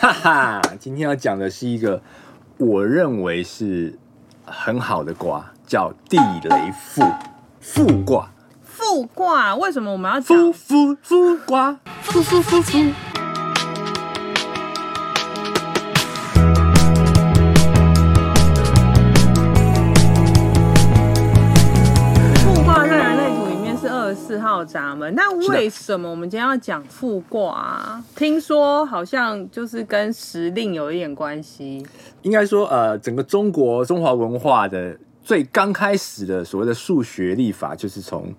哈哈，今天要講的是一個我認為是很好的卦，叫地雷復，復卦、復卦，為什麼我們要講復、復、復卦？復、復、復、復。號閘門，那為什麼我們今天要講復卦？聽說好像就是跟時令有一點關係。應該說，呃，整個中國中華文化的最剛開始的所謂的數學曆法，就是從。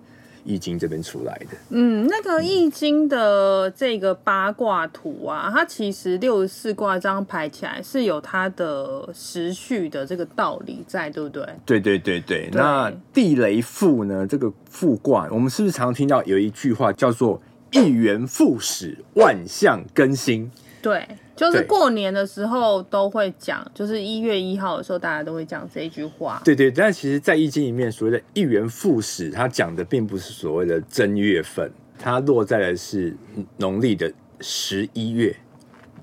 易經這邊出來的，嗯，那個易經的這個八卦圖啊，嗯、它其實六十四卦，這樣排起來是有它的時序的這個道理在，對不對？對對對對，對那地雷復呢？這個復卦，我們是不是常聽到有一句話叫做“一元復始，萬象更新”？對。就是過年的時候都會講，就是一月一號的時候，大家都會講這一句話。對對、對，但其實在，在易經裡面所謂的“一元復始”，它講的並不是所謂的正月份，它落在的是農曆的十一月、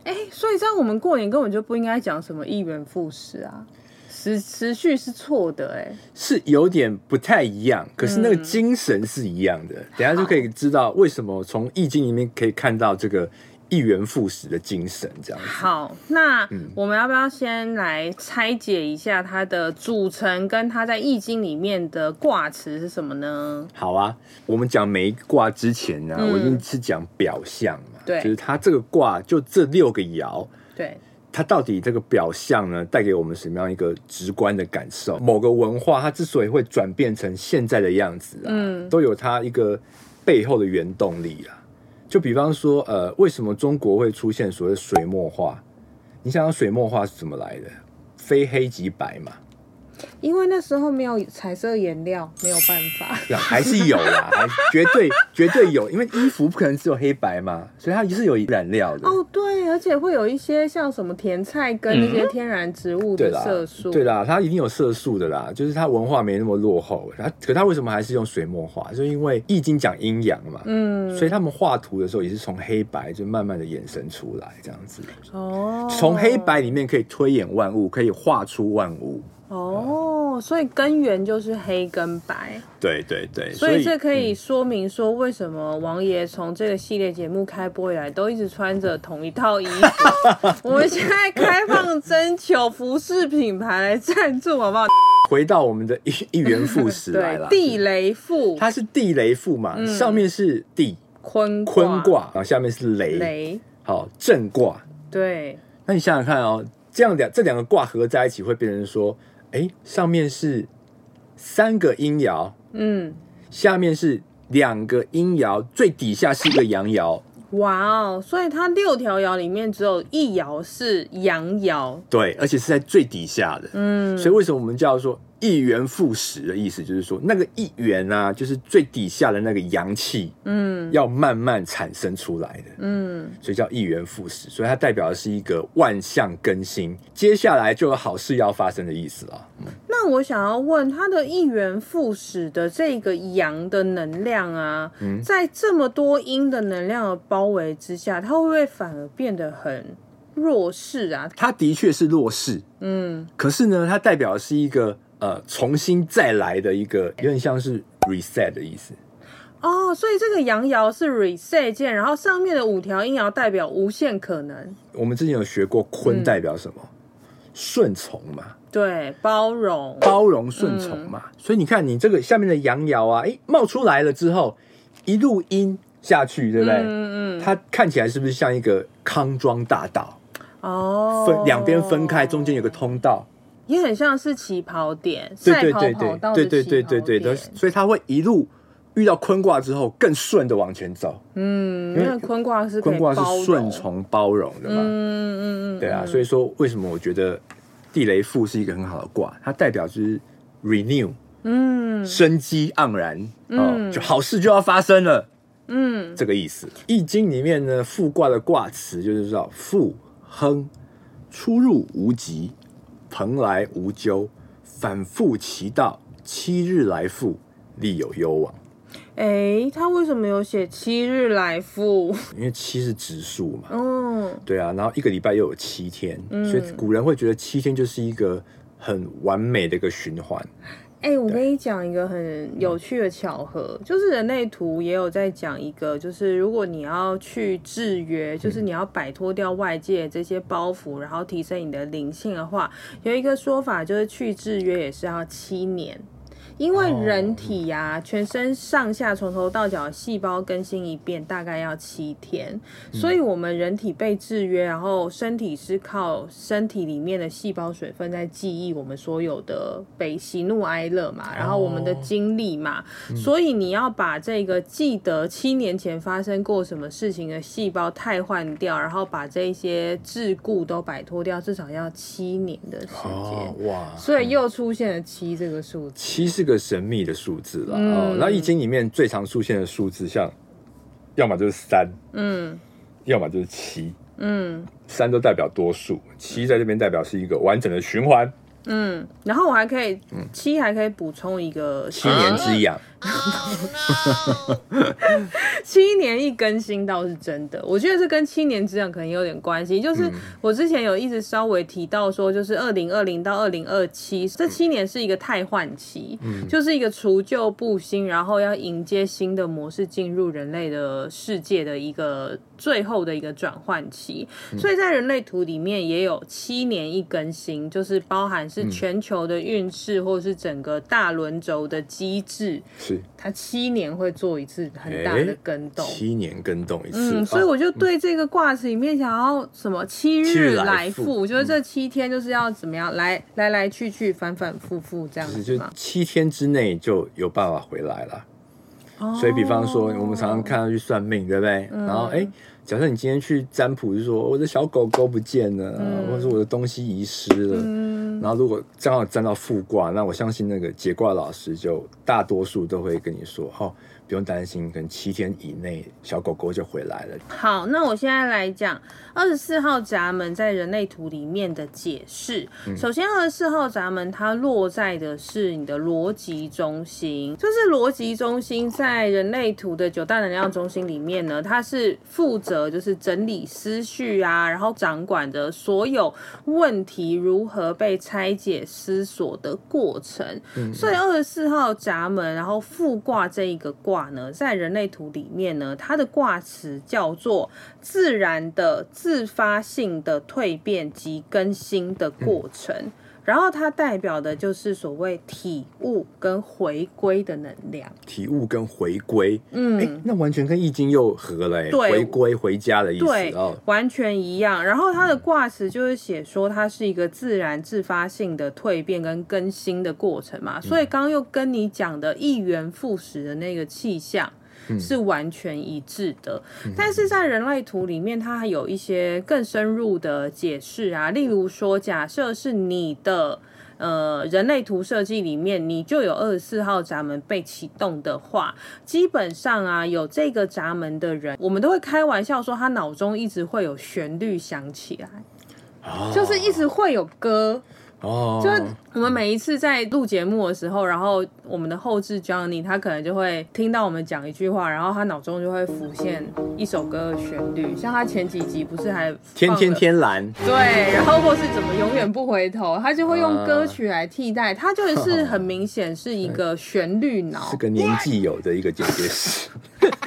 欸。所以在我們過年根本就不應該講什麼“一元復始”啊，時、時序是錯的、欸。哎，是有點不太一樣，可是那個精神是一樣的。嗯、等下就可以知道為什麼從易經裡面可以看到這個。一元復始的精神，這樣子。好，那我們要不要先來拆解一下它的組成，跟它在《易經》裡面的卦辭是什麼呢？好啊，我們講每卦之前呢、啊嗯，我已經是講表象嘛。對，就是它這個卦就這六個爻。對。它到底這個表象呢，帶給我們什麼樣一個直觀的感受？某個文化它之所以會轉變成現在的樣子、啊，嗯，都有它一個背後的原動力啊。就比方說，呃，為什麼中國會出現所謂水墨畫？你想想水墨畫是怎麼來的？非黑即白嘛。因為那時候沒有彩色顏料，沒有辦法，還是有啦， 還絕對絕對有。因為衣服不可能只有黑白嘛，所以它一定是有染料的。哦，對，而且會有一些像什麼甜菜根那些天然植物的色素。嗯、對啦對啦，它一定有色素的啦。就是它文化沒那麼落後，它可它為什麼還是用水墨畫？就因為《易經》講陰陽嘛，嗯，所以他們畫圖的時候也是從黑白就慢慢的衍生出來這樣子。哦，從黑白裡面可以推演萬物，可以畫出萬物。哦。嗯所以根源就是黑跟白，對對對。所以這可以說明說，為什麼王爺從這個系列節目開播以來，都一直穿着同一套衣服。 我們現在開放徵求服飾品牌來贊助，好不好？回到我們的一一元復始來了， 地雷復，嗯，它是地雷復嘛，嗯，上面是地坤坤卦，卦，然後下面是雷雷，好震卦。對，那你想想看哦，這樣兩這兩個卦合在一起，會變成說。誒上面是三個陰爻，嗯，下面是兩個陰爻，最底下是一個陽爻。哇哦，所以它六條爻裡面只有一爻是陽爻。對，而且是在最底下的，嗯，所以為什麼我們叫做？一元復始的意思就是說，那個一元啊，就是最底下的那個陽氣，嗯，要慢慢產生出來的，嗯，所以叫一元復始，所以它代表的是一個萬象更新，接下來就有好事要發生的意思啊、嗯。那我想要問它的“一元復始”的這個陽的能量啊，嗯、在這麼多陰的能量的包圍之下，它會不會反而變得很弱勢啊？它的確是弱勢，嗯，可是呢，它代表的是一個。呃，重新再來的一個，有點像是 reset 的意思。哦、oh，所以這個陽爻是 reset 鍵，然後上面的五條陰爻代表無限可能。我們之前有學過坤代表什麼？順、嗯、從嘛。對，包容，包容順從嘛、嗯。所以你看，你這個下面的陽爻啊，哎、欸，冒出來了之後一路陰下去，對不對？嗯嗯。它看起來是不是像一個康莊大道？哦，分兩邊分開，中間有個通道。也很像是起跑點，對對對對對，賽跑跑道的起跑點對對對對。所以他會一路遇到坤卦之後，更順的往前走。嗯，因為坤卦是坤卦是順從包容的嘛。嗯嗯嗯。對啊，所以說為什麼我覺得地雷復是一個很好的卦，它代表就是 renew，嗯，生機盎然，嗯、哦，就好事就要發生了。嗯，這個意思。嗯、易經裡面呢，復卦的卦辭就是說復亨，出入無疾。蓬朋來無咎，反復其道，七日來復，利有攸往。哎，他為什麼有寫七日來復？因為七是質數嘛，哦。對啊，然後一個禮拜又有七天，嗯，所以古人會覺得七天就是一個很完美的一個循環。哎、欸，我跟你講一個很有趣的巧合，就是人類圖也有在講一個，就是如果你要去制約，就是你要擺脫掉外界這些包袱，然後提升你的靈性的話，有一個說法就是去制約也是要七年。因為人體呀、啊 oh, 嗯，全身上下從頭到腳細胞更新一遍大概要七天、嗯，所以我們人體被制約，然後身體是靠身體裡面的細胞水分在記憶我們所有的悲喜怒哀樂嘛，oh, 然後我們的經歷嘛、嗯，所以你要把這個記得七年前發生過什麼事情的細胞替換掉，然後把這些桎梏都擺脫掉，至少要七年的時間、oh, 哇，所以又出現了七這個數字。七個神秘的數字了、嗯、哦，那《易經》裡面最常出現的數字像，像要麼就是三，嗯，要麼就是七，嗯，三都代表多數，七在這邊代表是一個完整的循環，嗯，然後我還可以，嗯，七還可以補充一個七年之癢。啊 oh, no! 七年一更新倒是真的，我覺得這跟七年之癢可能有點關係。就是我之前有一直稍微提到說，就是二零二零到二零二七這七年是一個汰換期，嗯，就是一個除舊佈新，然後要迎接新的模式進入人類的世界的一個最後的一個轉換期。所以在人類圖裡面也有七年一更新，就是包含是全球的運勢或是整個大輪軸的機制。他七年會做一次很大的更動，欸、七年更動一次。嗯、哦，所以我就對這個卦辭裡面想要什麼七日來復，我覺得這七天就是要怎麼樣來來來去去反反復復這樣子、就是、就七天之內就有辦法回來了。哦，所以比方說我們常常看到去算命，對不對？嗯、然後哎。欸假設你今天去占卜，就說我的小狗狗不見了，嗯、或者說我的東西遺失了、嗯，然後如果正好占到復卦，那我相信那個解卦老師就大多數都會跟你說，好、哦。不用擔心，等七天以內小狗狗就回來了。好，那我現在來講二十四號閘門在人類圖裡面的解釋。嗯、首先，二十四號閘門它落在的是你的邏輯中心，就是邏輯中心在人類圖的九大能量中心裡面呢，它是負責就是整理思緒啊，然後掌管着所有問題如何被拆解思索的過程。嗯、所以二十四號閘門，然後復卦這一個卦。在人類圖裡面呢，它的卦辭叫做“自然的自發性的蛻變及更新的過程”嗯。然後它代表的就是所謂體悟跟回歸的能量，體悟跟回歸，嗯，誒，那完全跟易經又合了耶，對，回歸回家的意思，對，哦，完全一樣。然後它的卦辭就是寫說，它是一個自然自發性的蛻變跟更新的過程嘛，所以剛剛又跟你講的一元復始的那個氣象。是完全一致的，嗯，但是在人類圖裡面，它還有一些更深入的解釋啊。例如說，假設是你的呃人類圖設計裡面，你就有二十四號閘門被啟動的話，基本上啊，有這個閘門的人，我們都會開玩笑說，他腦中一直會有旋律響起來，oh. 就是一直會有歌。哦、oh. 就是我們每一次在錄節目的時候，然後我們的後製 Johnny 他可能就會聽到我們講一句話，然後他腦中就會浮現一首歌的旋律。像他前幾集不是還天天天藍，對，然後或是怎麼永遠不回頭，他就會用歌曲來替代。Uh. 他就是很明顯是一個旋律腦， 是個年紀有的一個姐姐。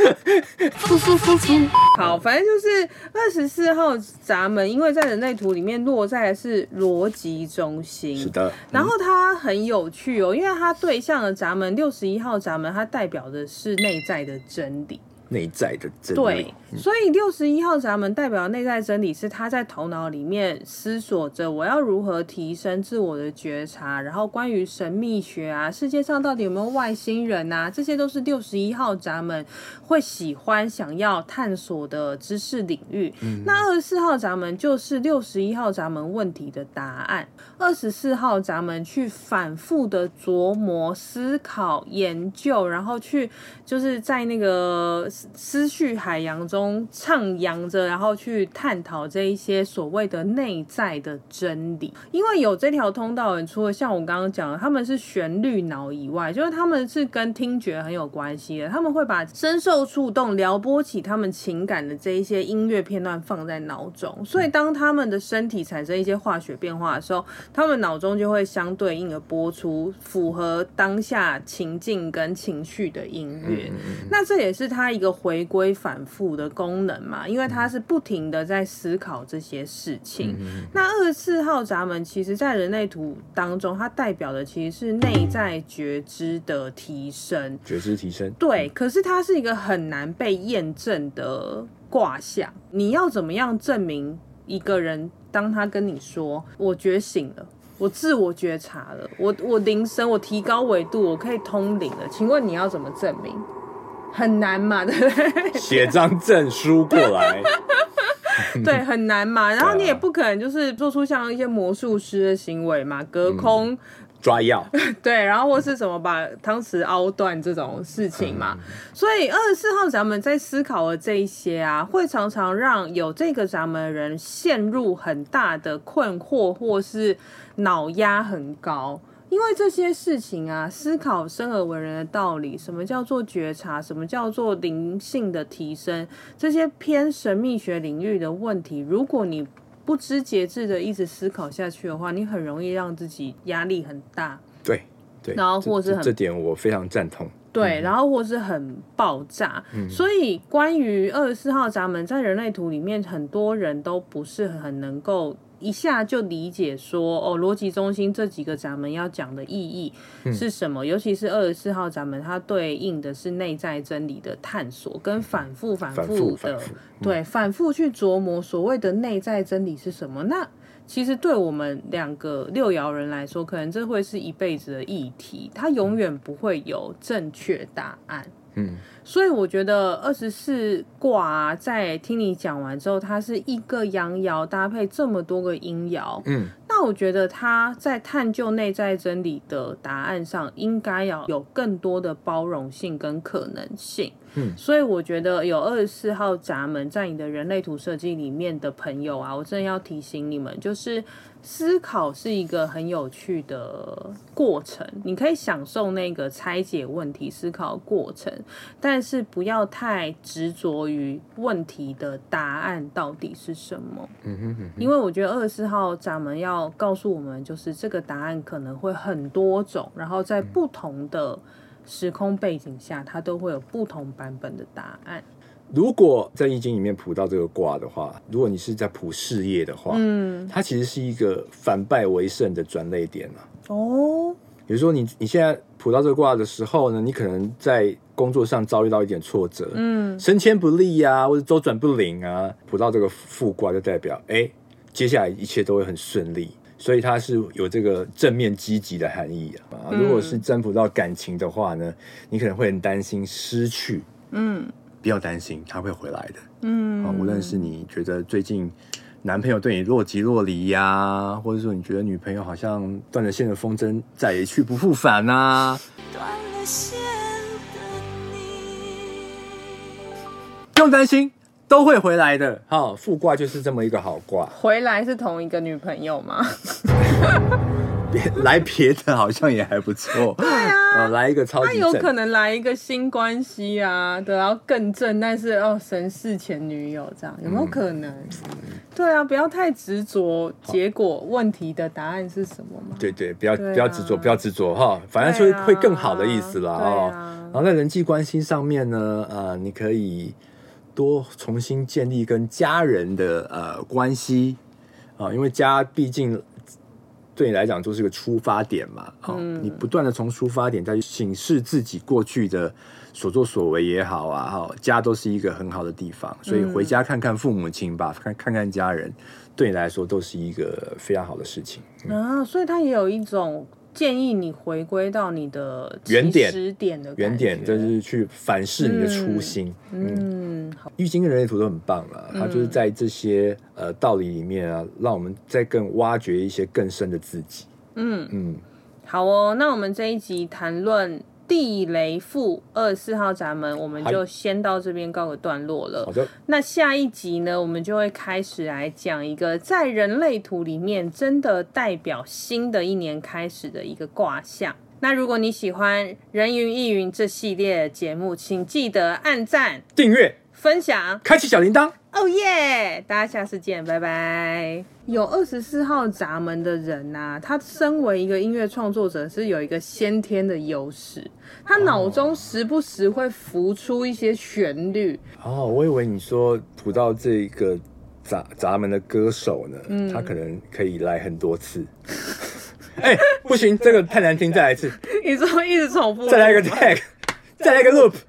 好，反正就是二十四號閘門，因為在人類圖裡面落在的是邏輯中心，是的、嗯。然後它很有趣哦，因為它對象的閘門，六十一號閘門，它代表的是內在的真理。內在的真理，對，所以六十一號閘門代表內在真理是他在頭腦裡面思索着我要如何提升自我的覺察，然後關於神秘學啊，世界上到底有沒有外星人啊，這些都是六十一號閘門會喜歡、想要探索的知識領域。嗯、那二十四號閘門就是六十一號閘門問題的答案。二十四號閘門去反覆的琢磨、思考、研究，然後去就是在那個。思緒海洋中徜徉着，然後去探討這一些所謂的內在的真理。因為有這條通道的人，除了像我剛剛講的，他們是旋律腦以外，就是他們是跟聽覺很有關係的。他們會把深受觸動、撩撥起他們情感的這一些音樂片段放在腦中，所以當他們的身體產生一些化學變化的時候，他們腦中就會相對應的播出符合當下情境跟情緒的音樂。那這也是他一個。回歸反覆的功能嘛，因為它是不停地在思考這些事情。嗯、那二十四號閘門，其實在人類圖當中，它代表的其實是內在覺知的提升。覺知提升，對。嗯、可是它是一個很難被驗證的卦象。你要怎麼樣證明一個人，當他跟你說“我覺醒了，我自我覺察了，我我鈴聲，我提高維度，我可以通靈了”，請問你要怎麼證明？很難嘛，對不對？寫張證書過來， 對，很難嘛。然後你也不可能就是做出像一些魔術師的行為嘛，隔空、嗯、抓藥，對，然後或是什麼把湯匙凹斷這種事情嘛。嗯、所以二十四號閘門在思考的這一些啊，會常常讓有這個閘門人陷入很大的困惑，或是腦壓很高。因為這些事情啊，思考生而為人的道理，什麼叫做覺察，什麼叫做靈性的提升，這些偏神秘學領域的問題，如果你不知節制的一直思考下去的話，你很容易讓自己壓力很大。對對，然後或是很這，這，這點我非常贊同。對，嗯，然後或是很爆炸。嗯，所以關於二十四號閘門在人類圖裡面，很多人都不是很能夠。一下就理解說哦，邏輯中心這幾個閘門要講的意義是什麼？嗯、尤其是二十四號閘門它對應的是內在真理的探索，跟反覆反覆的反反、嗯、對反覆去琢磨所謂的內在真理是什麼？那其實對我們兩個六爻人來說，可能這會是一輩子的議題，它永遠不會有正確答案。嗯。嗯，所以我覺得二十四卦在聽你講完之後，它是一個陽爻搭配這麼多個陰爻，嗯，那我覺得它在探究內在真理的答案上，應該要有更多的包容性跟可能性。嗯。所以我覺得有二十四號閘門在你的人類圖設計裡面的朋友啊，我真的要提醒你們，就是思考是一個很有趣的過程，你可以享受那個拆解問題、思考過程，但是不要太執着於問題的答案到底是什麼？嗯哼嗯哼，因為我覺得二十四號閘門要告訴我們，就是這個答案可能會很多種，然後在不同的。嗯。時空背景下，它都會有不同版本的答案。如果在易經裡面卜到這個卦的話，如果你是在卜事業的話，嗯，它其實是一個反敗為勝的轉捩點，啊、哦，比如說你你現在卜到這個卦的時候呢，你可能在工作上遭遇到一點挫折，嗯，升遷不利呀，啊，或者周轉不靈啊，卜到這個復卦，就代表，哎、欸，接下來一切都會很順利。所以它是有這個正面積極的含義啊！如果是徵服到感情的話呢，嗯、你可能會很擔心失去，嗯，不要擔心，他會回來的，嗯。無論是你覺得最近男朋友對你若即若離呀、啊，或者說你覺得女朋友好像斷了線的風箏再也去不復返吶、啊，斷了線的不用擔心。都會回來的哈，復卦，哦、就是這麼一個好卦。回來是同一個女朋友嗎？ 別來別的，好像也還不錯。 對啊、哦，來一個超級。有可能來一個新關係啊，對然後更正，但是哦，神似前女友這樣有沒有可能、嗯？對啊，不要太執着，哦，結果問題的答案是什麼嗎？對對，不要、啊、不要執着，不要執着哈、哦，反正就會更好的意思啦、啊啊。哦。然後在人際關係上面呢，呃，你可以。多重新建立跟家人的呃關係啊、哦，因為家畢竟對你來講就是個出發點嘛。哦嗯、你不斷的從出發點再去審視自己過去的所作所為也好啊，哈、哦，家都是一個很好的地方，所以回家看看父母親吧，看、嗯、看看家人，對你來說都是一個非常好的事情、嗯、啊。所以他也有一種。建議你回歸到你的原點，點的原點，就是去反思你的初心。嗯，好，易經跟人類圖都很棒了，嗯，它就是在這些呃道理裡面啊，讓我們再更挖掘一些更深的自己。嗯嗯，好哦，那我們這一集談論。地雷復二十四號閘門，我們就先到這邊告個段落了。好的。那下一集呢，我們就會開始來講一個在人類圖裡面真的代表新的一年開始的一個卦象。那如果你喜歡《人云亦云》這系列的節目，請記得按讚、訂閱。分享，開啟小鈴鐺，哦耶！大家下次見，拜拜。有二十四號閘門的人吶、啊，他身為一個音樂創作者，是有一個先天的優勢，他腦中時不時會浮出一些旋律。哦、oh. oh,，我以為你說普到這個閘閘門的歌手呢、嗯，他可能可以來很多次。哎、 欸，不行， 這個太難聽，再來一次。 你怎麼一直重複？再來一個 tag， 再來一個 loop。